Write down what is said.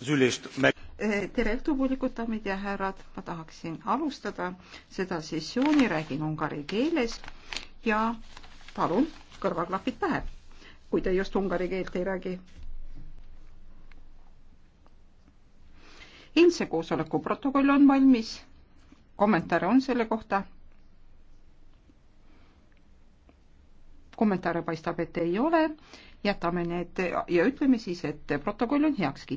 Äh, tere õhtupoolikut, daamid ja härrad, ma tahaksin alustada seda sessiooni, räägin ungari keeles ja palun kõrvaklapid pähe, kui te just ungari keelt ei räägi. eilse koosoleku protokoll on valmis, kommentaare on selle kohta. kommentaare paistab, et ei ole, jätame need ja ütleme siis, et protokoll on heaks kiidetud.